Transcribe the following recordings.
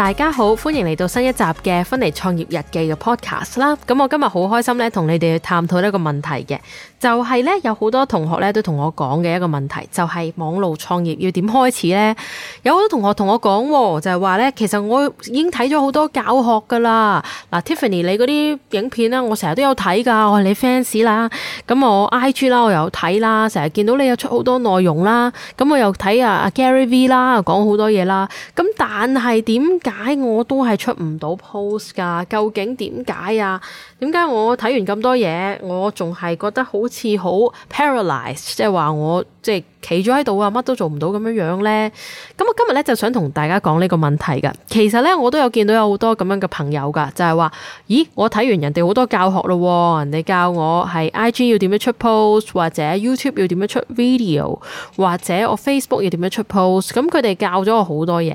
大家好，歡迎嚟到新一集嘅《芬妮創業日記》嘅 podcast 啦。咁我今日好開心咧，同你哋去探討一個問題嘅，就係咧有好多同學咧都同我講嘅一個問題，就係網路創業要點開始呢？有好多同學同我講，就係話咧，其實我已經睇咗好多教學噶啦。嗱，Tiffany 你嗰啲影片咧，我成日都有睇噶，我係你 fans 啦。咁我 IG 啦，我又有睇啦，成日見到你有出好多內容啦。咁我又睇啊，Gary V 啦，講好多嘢啦。咁但係點解？解我都係出唔到 p o s e 㗎，究竟點解啊？點解我睇完咁多嘢，我仲係覺得好似好 p a r a l y z e d，即係話我。即係企咗喺度啊，乜都做唔到咁樣樣咧。咁我今日咧就想同大家講呢個問題噶。其實咧我都有見到有好多咁樣嘅朋友噶，就係話：咦，我睇完人哋好多教學咯，人哋教我係 IG 要點樣出 post，或者 YouTube 要點樣出 video，或者我 Facebook 要點樣出 post。咁佢哋教咗我好多嘢。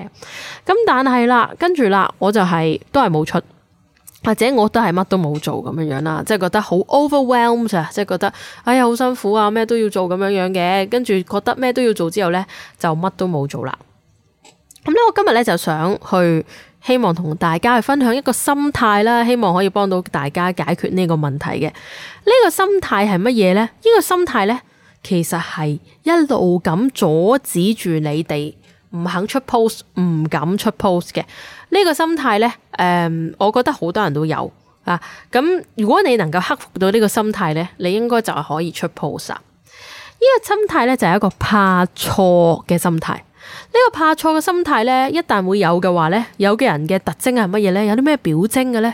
咁但係啦，跟住啦，我就係都係冇出。或者我都係乜都冇做咁樣樣啦，即係覺得好 overwhelmed 啊，即係覺得哎呀好辛苦啊，咩都要做咁樣樣嘅，跟住覺得咩都要做之後呢，就乜都冇做啦。咁呢，我今日呢，就想去，希望同大家去分享一個心態啦，希望可以幫到大家解決呢個問題嘅。呢個心態係乜嘢呢？呢個心態呢，其實係一路咁阻止住你哋，唔肯出 post 唔敢出 post 嘅呢個心態呢，誒、嗯，我覺得好多人都有啊。咁如果你能夠克服到呢個心態呢，你應該就係可以出 post。呢、呢個心態呢，就係、是、一個怕錯嘅心態。呢、呢個怕錯嘅心態呢，一旦會有嘅話，有的的呢，有嘅人嘅特徵係乜嘢呢？有啲咩表徵嘅呢？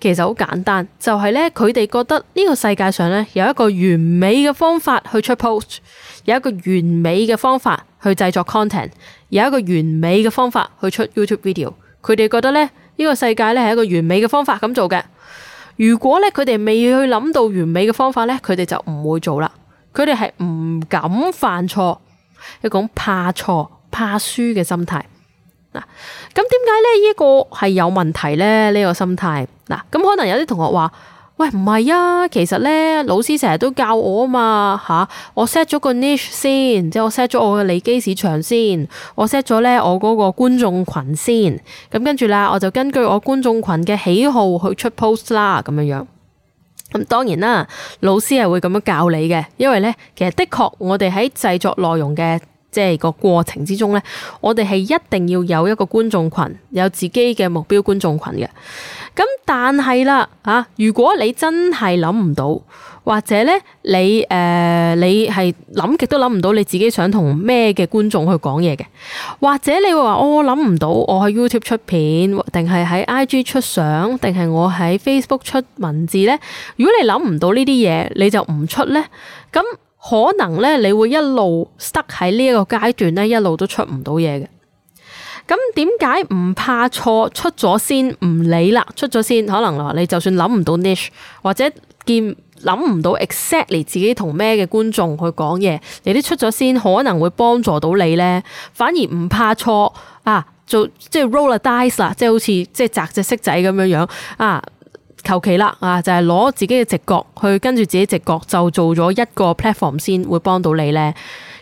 其實好簡單，就係咧，佢哋覺得呢個世界上咧有一個完美嘅方法去出 post，有一個完美嘅方法去製作 content，有一個完美嘅方法去出 YouTube video。佢哋覺得咧，呢個世界咧係一個完美嘅方法咁做嘅。如果咧佢哋未去諗到完美嘅方法咧，佢哋就唔會做啦。佢哋係唔敢犯錯，一種怕錯怕輸嘅心態。嗱，咁點解咧呢個係有問題咧？呢個心態。嗱，咁可能有啲同學話：喂，唔係啊，其實咧，老師成日都教我啊嘛，嚇，我 set 咗個 niche 先，即後我 set 咗我嘅利基市場先，我 set 咗咧我嗰個觀眾群先，咁跟住啦，我就根據我觀眾群嘅喜好去出 post 啦，咁樣樣。咁當然啦，老師係會咁樣教你嘅，因為咧，其實的確我哋喺製作內容嘅。即係個過程之中呢，我哋係一定要有一個觀眾群，有自己嘅目標觀眾群嘅。咁但係啦，啊，如果你真係諗唔到，或者呢、呃，你誒你係諗極都諗唔到你自己想同咩嘅觀眾去講嘢嘅，或者你會話我諗唔到，我喺 YouTube 出片，定係喺 IG 出相，定係我喺 Facebook 出文字呢？如果你諗唔到呢啲嘢，你就唔出呢。咁。可能咧，你會一路塞喺呢一個階段咧，一路都出唔到嘢嘅。咁點解唔怕錯，出咗先唔理啦？出咗先，可能你就算諗唔到 niche 或者見諗唔到 exactly 自己同咩嘅觀眾去講嘢，你都出咗先，可能會幫助到你咧。反而唔怕錯啊，做即係 roll a dice 啦，即係好似即係擲隻骰仔咁樣樣啊。求其啦啊，就係攞自己嘅直覺去跟住自己直覺就做咗一個 platform 先會幫到你呢。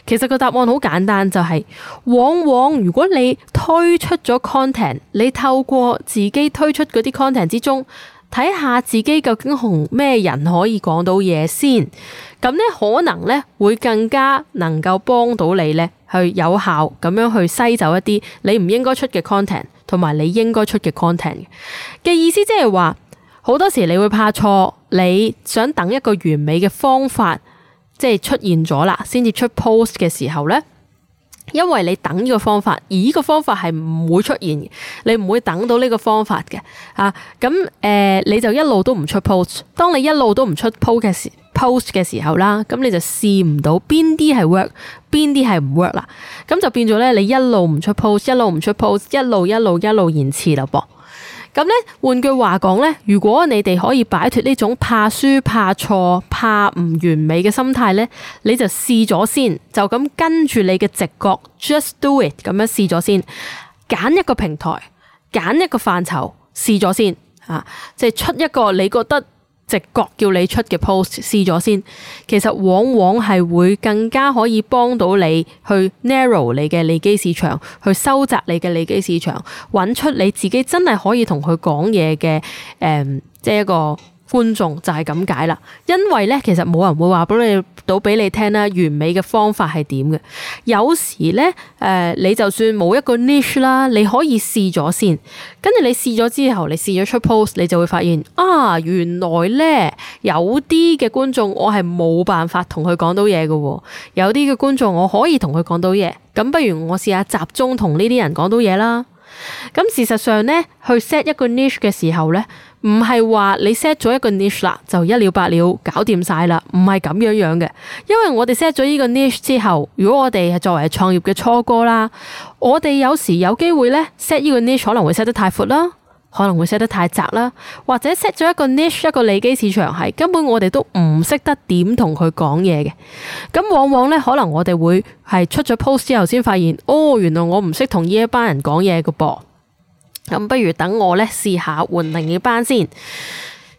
其實個答案好簡單，就係往往如果你推出咗 content，你透過自己推出嗰啲 content 之中睇下自己究竟同咩人可以講到嘢先，咁呢，可能呢會更加能夠幫到你呢，去有效咁樣去篩走一啲你唔應該出嘅 content，同埋你應該出嘅 content 嘅意思，即係話。好多時你會怕錯，你想等一個完美嘅方法，即係出現咗啦，先至出 post 嘅時候呢？因為你等呢個方法，而呢個方法係唔會出現，你唔會等到呢個方法嘅，吓，咁誒，你就一路都唔出 post。當你一路都唔出 post 嘅時 post 嘅時候啦，咁你就試唔到邊啲係 work，邊啲係唔 work 啦，咁就變咗咧，你一路唔出 post，一路唔出 post，一路一路一路延遲啦噃。咁咧，換句話講咧，如果你哋可以擺脫呢種怕輸、怕錯、怕唔完美嘅心態咧，你就試咗先，就咁跟住你嘅直覺，just do it 咁樣試咗先，揀一個平台，揀一個範疇，試咗先啊，即係出一個你覺得。直覺叫你出嘅 post 試咗先，其實往往係會更加可以幫到你去 narrow 你嘅利基市場，去收窄你嘅利基市場，揾出你自己真係可以同佢講嘢嘅誒，即係一個。觀眾就係咁解啦，因為咧其實冇人會話俾你到俾你聽啦，完美嘅方法係點嘅？有時咧，誒、呃、你就算冇一個 niche 啦，你可以試咗先，跟住你試咗之後，你試咗出 post，你就會發現啊，原來咧有啲嘅觀眾我係冇辦法同佢講到嘢嘅喎，有啲嘅觀眾我可以同佢講到嘢，咁不如我試下集中同呢啲人講到嘢啦。咁事實上咧，去 set 一個 niche 嘅時候咧。唔係話你 set 咗一個 niche 啦，就一了百了搞掂晒啦，唔係咁樣樣嘅。因為我哋 set 咗呢個 niche 之後，如果我哋係作為創業嘅初哥啦，我哋有時有機會呢 set 呢個 niche 可能會 set 得太闊啦，可能會 set 得太窄啦，或者 set 咗一個 niche 一個利基市場係根本我哋都唔識得點同佢講嘢嘅。咁往往呢，可能我哋會係出咗 post 之後先發現，哦，原來我唔識同呢一班人講嘢嘅噃。咁不如等我咧試下換另一班先，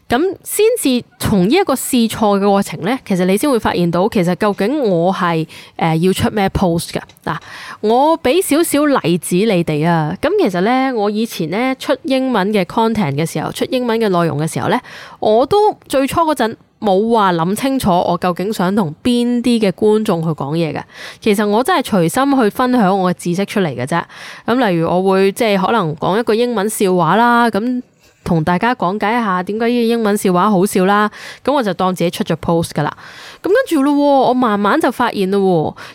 咁先至從呢一個試錯嘅過程咧，其實你先會發現到其實究竟我係誒、呃、要出咩 post 㗎嗱、啊，我俾少少例子你哋啊，咁其實咧我以前咧出英文嘅 content 嘅時候，出英文嘅內容嘅時候咧，我都最初嗰陣。冇話諗清楚，我究竟想同邊啲嘅觀眾去講嘢嘅。其實我真係隨心去分享我嘅知識出嚟嘅啫。咁例如我會即係可能講一句英文笑話啦。咁同大家講解一下點解呢個英文笑話好笑啦，咁我就當自己出咗 post 噶啦。咁跟住咯，我慢慢就發現嘞，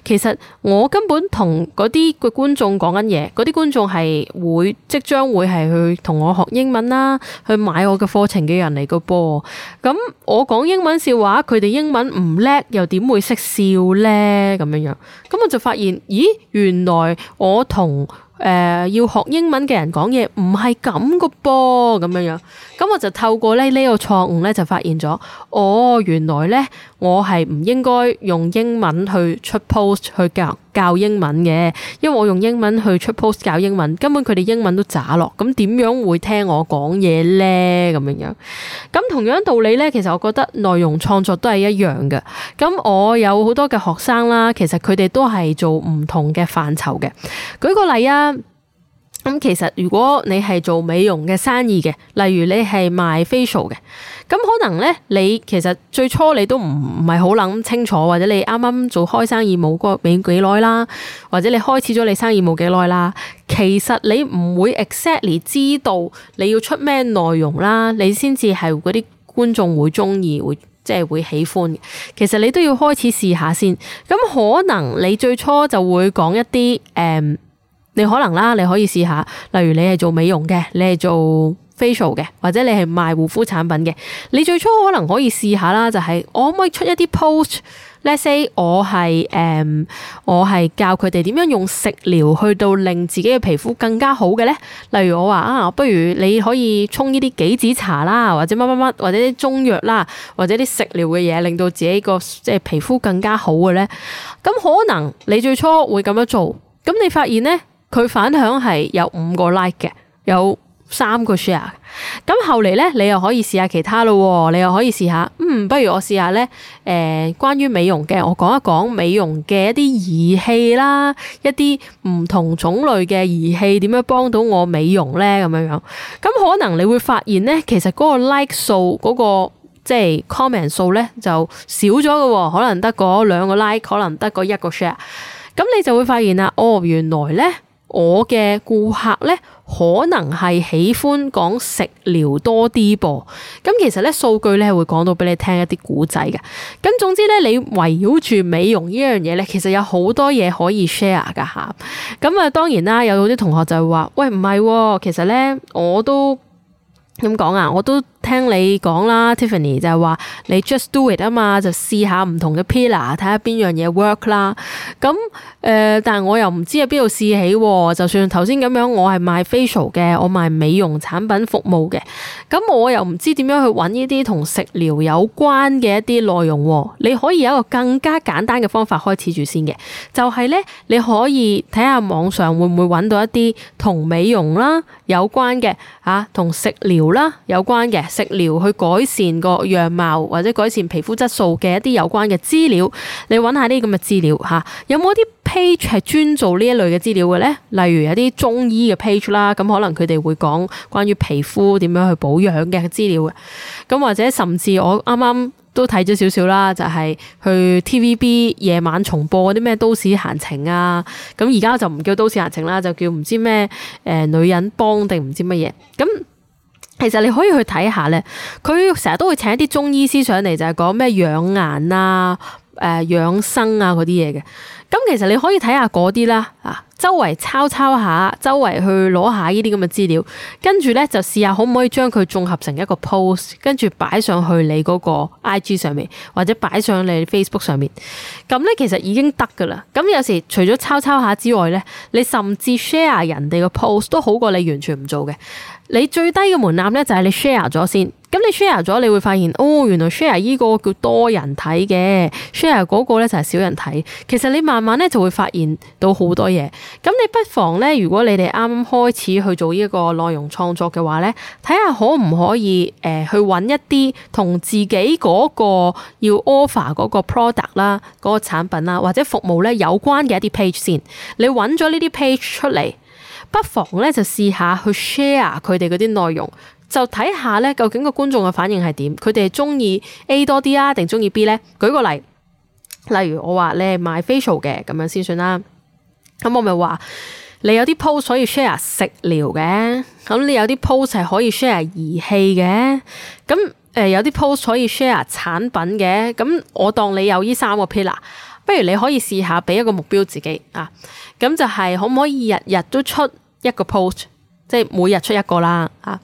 其實我根本同嗰啲個觀眾講緊嘢，嗰啲觀眾係會即將會係去同我學英文啦，去買我嘅課程嘅人嚟嘅噃。咁、嗯、我講英文笑話，佢哋英文唔叻，又點會識笑呢？咁樣樣，咁我就發現，咦，原來我同。誒、呃，要學英文嘅人講嘢唔係咁嘅噃，咁樣樣，咁我就透過咧呢個錯誤咧就發現咗，哦，原來咧。我係唔應該用英文去出 post 去教教英文嘅，因為我用英文去出 post 教英文，根本佢哋英文都渣落，咁點樣會聽我講嘢呢？咁樣樣，咁同樣道理呢，其實我覺得內容創作都係一樣嘅。咁我有好多嘅學生啦，其實佢哋都係做唔同嘅範疇嘅。舉個例啊。咁其實如果你係做美容嘅生意嘅，例如你係賣 facial 嘅，咁可能呢，你其實最初你都唔唔係好諗清楚，或者你啱啱做開生意冇嗰幾幾耐啦，或者你開始咗你生意冇幾耐啦，其實你唔會 exactly 知道你要出咩內容啦，你先至係嗰啲觀眾會中意，會即係會喜歡。其實你都要開始試下先，咁可能你最初就會講一啲誒。嗯你可能啦，你可以試下。例如你係做美容嘅，你係做 facial 嘅，或者你係賣護膚產品嘅。你最初可能可以試下啦，就係，我可唔可以出一啲 post？Let’s say 我係誒、嗯，我係教佢哋點樣用食療去到令自己嘅皮膚更加好嘅呢？例如我話啊，不如你可以沖呢啲杞子茶啦，或者乜乜乜，或者啲中藥啦，或者啲食療嘅嘢，令到自己個即係皮膚更加好嘅呢。咁可能你最初會咁樣做，咁你發現呢。佢反響係有五個 like 嘅，有三個 share。咁後嚟呢，你又可以試下其他咯。你又可以試下，嗯，不如我試下呢。誒、呃，關於美容嘅，我講一講美容嘅一啲儀器啦，一啲唔同種類嘅儀器點樣幫到我美容呢？咁樣樣。咁可能你會發現呢，其實嗰個 like 數嗰、嗰個即係 comment 數呢，就少咗嘅，可能得個兩個 like，可能得個一個 share。咁你就會發現啦，哦，原來呢。我嘅顧客呢，可能係喜歡講食療多啲噃。咁其實呢，數據呢會講到俾你聽一啲古仔嘅。咁總之呢，你圍繞住美容呢樣嘢呢，其實有好多嘢可以 share 噶嚇。咁啊，當然啦，有啲同學就係話，喂，唔係，啊，其實呢，我都咁講啊，我都。聽你講啦，Tiffany 就係話你 just do it 啊嘛，就試下唔同嘅 pillar，睇下邊樣嘢 work 啦。咁、嗯、誒、呃，但係我又唔知喺邊度試起喎。就算頭先咁樣，我係賣 facial 嘅，我賣美容產品服務嘅，咁我又唔知點樣去揾呢啲同食療有關嘅一啲內容。你可以有一個更加簡單嘅方法開始住先嘅，就係、是、呢，你可以睇下網上會唔會揾到一啲同美容啦有關嘅啊，同食療啦有關嘅。食療去改善個樣貌或者改善皮膚質素嘅一啲有關嘅資料，你揾下呢啲咁嘅資料嚇，有冇啲 page 係專做呢一類嘅資料嘅呢？例如有啲中醫嘅 page 啦，咁可能佢哋會講關於皮膚點樣去保養嘅資料嘅。咁或者甚至我啱啱都睇咗少少啦，就係、是、去 TVB 夜晚重播嗰啲咩都市閒情啊，咁而家就唔叫都市閒情啦，就叫唔知咩誒、呃、女人幫定唔知乜嘢咁。其實你可以去睇下咧，佢成日都會請一啲中醫師上嚟，就係、是、講咩養顏啊、誒、呃、養生啊嗰啲嘢嘅。咁其實你可以睇下嗰啲啦，啊，周圍抄抄下，周圍去攞下呢啲咁嘅資料，跟住咧就試下可唔可以將佢綜合成一個 post，跟住擺上去你嗰個 IG 上面，或者擺上你 Facebook 上面。咁咧其實已經得噶啦。咁有時除咗抄抄下之外咧，你甚至 share 人哋嘅 post 都好過你完全唔做嘅。你最低嘅門檻咧，就係、是、你 share 咗先。咁你 share 咗，你會發現，哦，原來 share 呢個叫多人睇嘅，share 嗰個咧就係少人睇。其實你慢慢咧就會發現到好多嘢。咁你不妨咧，如果你哋啱啱開始去做呢個內容創作嘅話咧，睇下可唔可以誒、呃、去揾一啲同自己嗰個要 offer 嗰個 product 啦、嗰個產品啦或者服務咧有關嘅一啲 page 先。你揾咗呢啲 page 出嚟。不妨咧就試下去 share 佢哋嗰啲內容，就睇下咧究竟個觀眾嘅反應係點，佢哋係中意 A 多啲啊，定中意 B 呢？舉個例，例如我話你係賣 facial 嘅咁樣先算啦。咁我咪話你有啲 post 可以 share 食療嘅，咁你有啲 post 係可以 share 儀器嘅，咁誒有啲 post 可以 share 產品嘅。咁我當你有呢三個 pillar，不如你可以試下俾一個目標自己啊，咁就係可唔可以日日都出？一個 post 即係每日出一個啦，啊！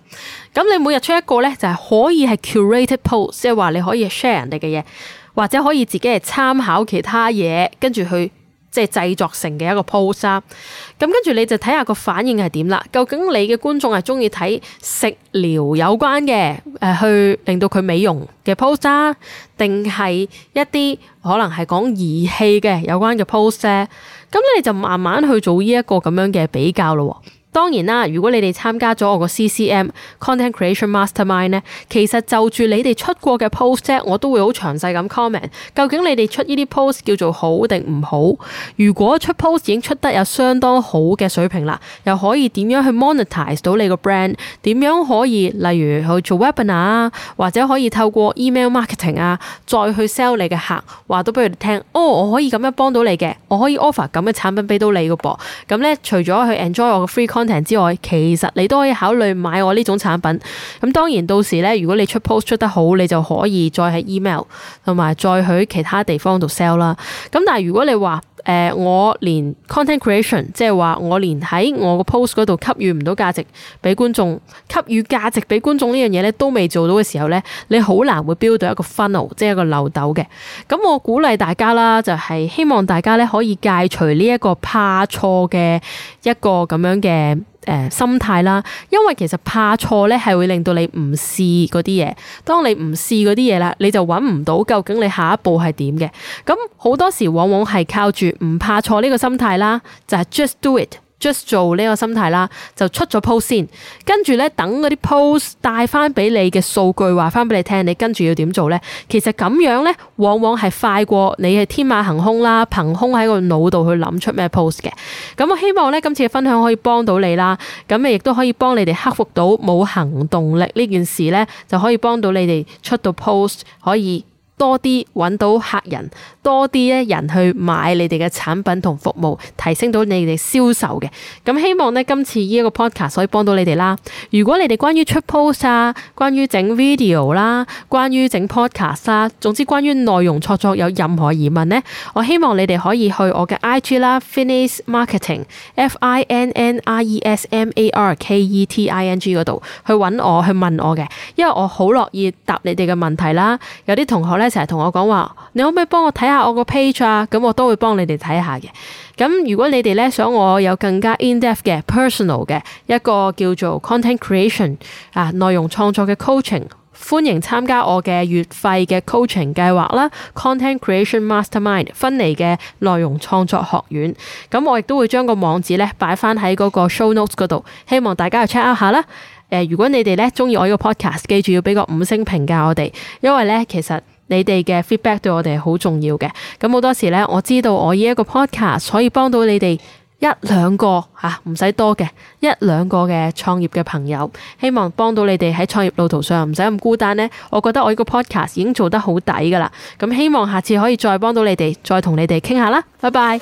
咁你每日出一個咧，就係可以係 curated post，即係話你可以係 share 人哋嘅嘢，或者可以自己係參考其他嘢，跟住去。即係製作成嘅一個 post，咁跟住你就睇下個反應係點啦。究竟你嘅觀眾係中意睇食療有關嘅，誒、呃、去令到佢美容嘅 post，定係一啲可能係講儀器嘅有關嘅 post 咧？咁你就慢慢去做呢一個咁樣嘅比較咯。當然啦，如果你哋參加咗我個 CCM Content Creation Mastermind 呢，其實就住你哋出過嘅 post 咧，我都會好詳細咁 comment，究竟你哋出呢啲 post 叫做好定唔好？如果出 post 已經出得有相當好嘅水平啦，又可以點樣去 monetise 到你個 brand？點樣可以例如去做 webinar 啊，或者可以透過 email marketing 啊，再去 sell 你嘅客？話到俾佢哋聽，哦，我可以咁樣幫到你嘅，我可以 offer 咁嘅產品俾到你嘅噃。咁呢，除咗去 enjoy 我嘅 free con 安亭之外，其實你都可以考慮買我呢種產品。咁當然到時呢，如果你出 post 出得好，你就可以再喺 email 同埋再去其他地方度 sell 啦。咁但係如果你話，誒、呃，我連 content creation，即係話我連喺我個 post 嗰度給予唔到價值俾觀眾，給予價值俾觀眾呢樣嘢咧，都未做到嘅時候咧，你好難會 build 到一個 funnel，即係一個漏斗嘅。咁我鼓勵大家啦，就係、是、希望大家咧可以戒除呢一個怕錯嘅一個咁樣嘅。誒心態啦，因為其實怕錯咧係會令到你唔試嗰啲嘢。當你唔試嗰啲嘢啦，你就揾唔到究竟你下一步係點嘅。咁好多時往往係靠住唔怕錯呢個心態啦，就係 just do it。Just 做呢個心態啦，就出咗 post 先，跟住咧等嗰啲 post 帶翻俾你嘅數據，話翻俾你聽，你跟住要點做咧？其實咁樣咧，往往係快過你係天馬行空啦，憑空喺個腦度去諗出咩 post 嘅。咁我希望咧今次嘅分享可以幫到你啦，咁你亦都可以幫你哋克服到冇行動力呢件事咧，就可以幫到你哋出到 post，可以多啲搵到客人。多啲咧人去買你哋嘅產品同服務，提升到你哋銷售嘅。咁希望呢今次呢一個 podcast 可以幫到你哋啦。如果你哋關於出 post 啊，關於整 video 啦，關於整 podcast 啦，總之關於內容創作有任何疑問咧，我希望你哋可以去我嘅 IG 啦，finnies marketing f i n n i e s m a r k e t i n g 度去揾我去問我嘅，因為我好樂意答你哋嘅問題啦。有啲同學咧成日同我講，話你可唔可以幫我睇？加我個 page 啊，咁我都、啊、會幫你哋睇下嘅。咁如果你哋咧想我有更加 in-depth 嘅 personal 嘅一個叫做 content creation 啊，內容創作嘅 coaching，歡迎參加我嘅月費嘅 coaching 計劃啦、嗯、，content creation mastermind 分離嘅內容創作學院。咁、嗯、我亦都會將個網址咧擺翻喺嗰個 show notes 嗰度，希望大家去 check 下啦。誒、呃，如果你哋咧中意我呢個 podcast，記住要俾個五星評價我哋，因為咧其實。你哋嘅 feedback 對我哋係好重要嘅，咁好多時呢，我知道我呢一個 podcast 可以幫到你哋一兩個吓，唔、啊、使多嘅一兩個嘅創業嘅朋友，希望幫到你哋喺創業路途上唔使咁孤單呢，我覺得我呢個 podcast 已經做得好抵㗎啦，咁希望下次可以再幫到你哋，再同你哋傾下啦，拜拜。